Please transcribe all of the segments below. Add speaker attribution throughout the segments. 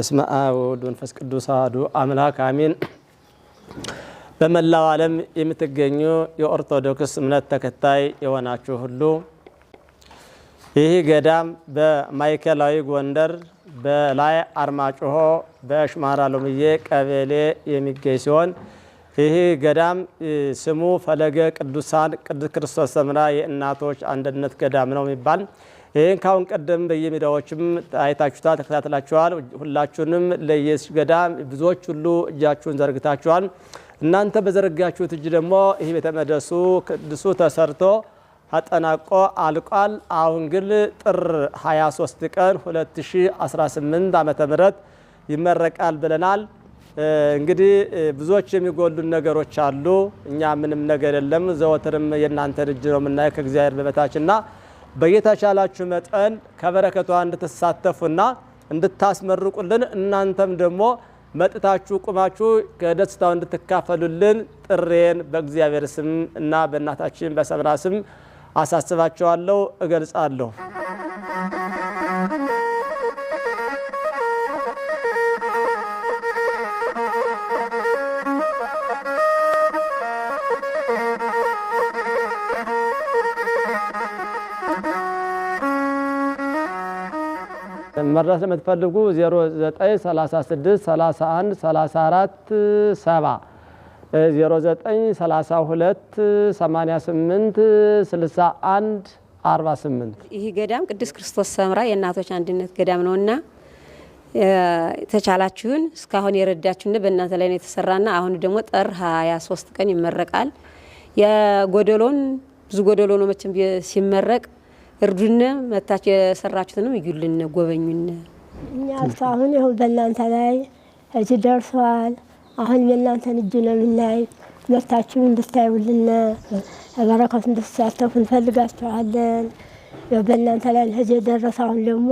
Speaker 1: በስመ አብ ወወልድ ወመንፈስ ቅዱስ አሐዱ አምላክ አሜን። በመላው ዓለም የምትገኙ የኦርቶዶክስ እምነት ተከታይ የሆናችሁ ሁሉ ይህ ገዳም በማዕከላዊ ጎንደር በላይ አርማጭሆ በሽማራ ሎምዬ ቀበሌ የሚገኝ ሲሆን ይህ ገዳም ስሙ ፈለገ ቅዱሳን ቅዱስ ክርስቶስ ሰምራ የእናቶች አንድነት ገዳም ነው የሚባል ይህን ካሁን ቀደም በየሜዳዎችም አይታችሁታ ተከታተላችኋል። ሁላችሁንም ለየገዳም ብዙዎች ሁሉ እጃችሁን ዘርግታችኋል። እናንተ በዘረጋችሁት እጅ ደግሞ ይህ ቤተ መቅደሱ ቅዱሱ ተሰርቶ አጠናቆ አልቋል። አሁን ግን ጥር 23 ቀን 2018 ዓ ም ይመረቃል ብለናል። እንግዲህ ብዙዎች የሚጎሉን ነገሮች አሉ። እኛ ምንም ነገር የለም። ዘወትርም የእናንተን እጅ ነው የምናየው ከእግዚአብሔር በበታችና በየተቻላችሁ መጠን ከበረከቷ እንድትሳተፉና እንድታስመርቁልን እናንተም ደግሞ መጥታችሁ ቁማችሁ ከደስታው እንድትካፈሉልን ጥሬን በእግዚአብሔር ስም እና በእናታችን በሰምራ ስም አሳስባቸዋለሁ፣ እገልጻለሁ። መድረስ ለምትፈልጉ 0936313470
Speaker 2: ይህ ገዳም ቅዱስ ክርስቶስ ሰምራ የእናቶች አንድነት ገዳም ነውና ተቻላችሁን እስካሁን የረዳችሁን በእናንተ ላይ ነው የተሰራና አሁን ደግሞ ጥር 23 ቀን ይመረቃል። የጎደሎን ብዙ ጎደሎ ነው መቼም ሲመረቅ እርዱን፣ መታች የሰራችሁትንም እዩልን፣ ጎበኙን።
Speaker 3: እኛ አሁን ይሁን በእናንተ ላይ እጅ ደርሰዋል። አሁን የእናንተን እጅ ነው የምናይ። መታችሁ እንድታዩልን በረከቱ እንድትሳተፉ እንፈልጋችኋለን። በእናንተ ላይ ህጅ የደረሰ አሁን ደግሞ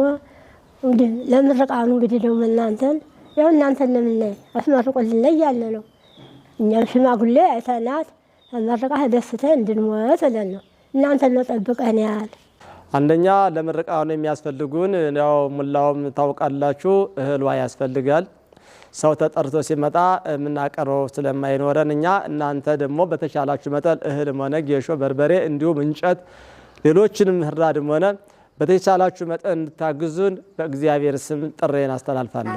Speaker 3: ለምርቃኑ እንግዲህ ደግሞ እናንተን ያው እናንተን ለምናይ አስመርቁልን ላይ ያለ ነው። እኛም ሽማጉሌ አይተናት መርቃ ደስተ እንድንሞት ለን ነው እናንተን ነው ጠብቀን ያል
Speaker 1: አንደኛ ነው የሚያስፈልጉን ያው ሙላውም ታውቃላችሁ እህል ውሃ ያስፈልጋል። ሰው ተጠርቶ ሲመጣ የምናቀርበው ስለማይኖረን እኛ እናንተ ደግሞ በተሻላችሁ መጠን እህልም ሆነ ጌሾ፣ በርበሬ እንዲሁም እንጨት፣ ሌሎችንም ህራድም ሆነ በተቻላችሁ መጠን እንድታግዙን በእግዚአብሔር ስም ጥሬን አስተላልፋለሁ።